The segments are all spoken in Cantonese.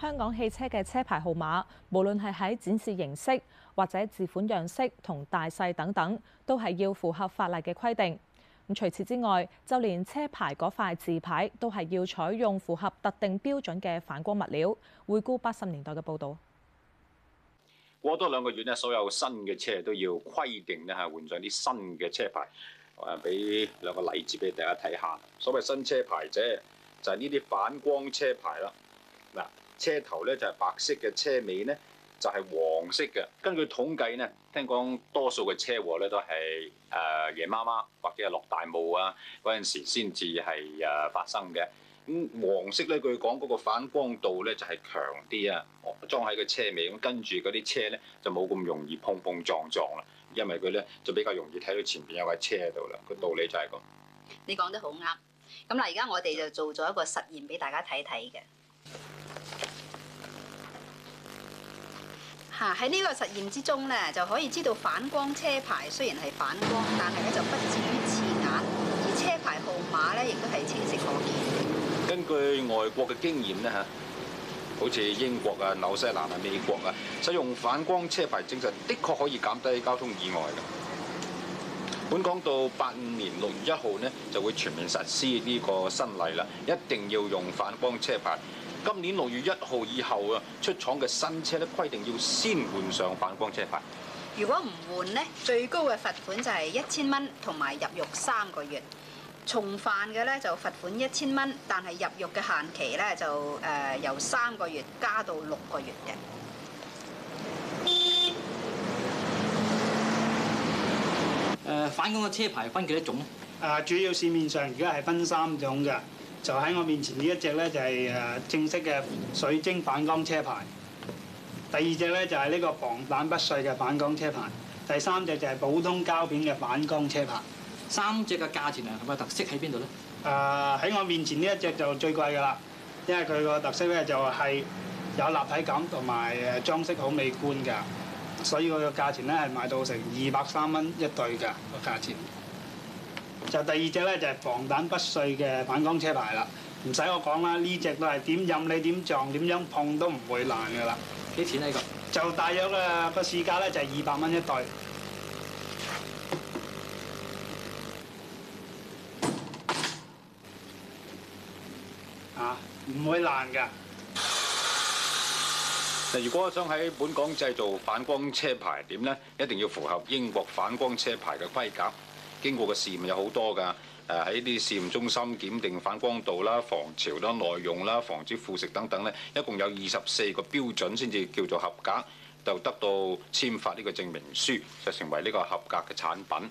香港汽車嘅車牌號碼，無論係喺展示形式或者字款樣式同大細等等，都係要符合法例嘅規定。咁除此之外，就連車牌嗰塊字牌都係要採用符合特定標準嘅反光物料。回顧八十年代嘅報道，過多兩個月咧，所有新嘅車都要規定咧，係換上啲新嘅車牌。我啊俾兩個例子俾大家睇下，所謂新車牌啫，就係呢啲反光車牌啦。嗱。車頭咧就係白色嘅，車尾咧就係黃色嘅。根據統計咧，聽講多數嘅車禍咧都係誒夜媽媽或者係落大霧啊，嗰陣時先至係誒發生嘅。咁黃色咧，佢講嗰個反光度咧就係強啲啊，裝喺個車尾咁，跟住嗰啲車咧就冇咁容易碰碰撞撞啦，因為佢咧就比較容易睇到前面有架車喺度啦。個道理就係咁，這個。你講得好啱。咁嗱，而家我哋就做咗一個實驗俾大家睇睇嘅。嚇，喺呢個實驗之中咧，就可以知道反光車牌雖然係反光，但係咧就不至於刺眼，而車牌號碼咧亦都係清晰可見。根據外國嘅經驗咧嚇，好似英國啊、紐西蘭啊、美國啊，使用反光車牌證實，的確可以減低交通意外嘅。本港到八五年六月一號咧，就會全面實施呢個新例啦，一定要用反光車牌。今年六月一號以後啊，出廠嘅新車咧，規定要先換上反光車牌。如果唔換咧，最高嘅罰款就係一千蚊，同埋入獄三個月。重犯嘅咧就罰款一千蚊，但係入獄嘅限期咧就誒、呃、由三個月加到六個月嘅、呃。反光嘅車牌分幾多種？啊，主要市面上而家係分三種嘅。就喺我面前呢一隻呢就係誒正式嘅水晶反光車牌，第二隻呢，就係呢個防彈不碎嘅反光車牌，第三隻就係普通膠片嘅反光車牌。三隻嘅價錢啊同埋特色喺邊度呢？誒喺、呃、我面前呢一隻就最貴㗎啦，因為佢個特色呢，就係有立體感同埋誒裝飾好美觀㗎，所以佢個價錢呢，係賣到成二百三蚊一對㗎個價錢。就第二隻咧，就係防彈不碎嘅反光車牌啦，唔使我講啦，呢隻都係點任你點撞點樣碰都唔會爛噶啦。幾錢呢個？就大約啊個市價咧，就係二百蚊一對。啊，唔會爛㗎。嗱，如果我想喺本港製造反光車牌點咧，一定要符合英國反光車牌嘅規格。經過嘅試驗有好多㗎，誒，喺啲試驗中心檢定反光度啦、防潮啦、耐用啦、防止腐蝕等等咧，一共有二十四個標準先至叫做合格，就得到簽發呢個證明書，就成為呢個合格嘅產品。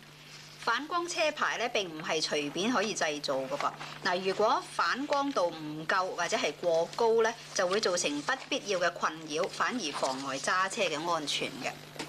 反光車牌咧，並唔係隨便可以製造㗎噃。嗱，如果反光度唔夠或者係過高咧，就會造成不必要嘅困擾，反而妨礙揸車嘅安全嘅。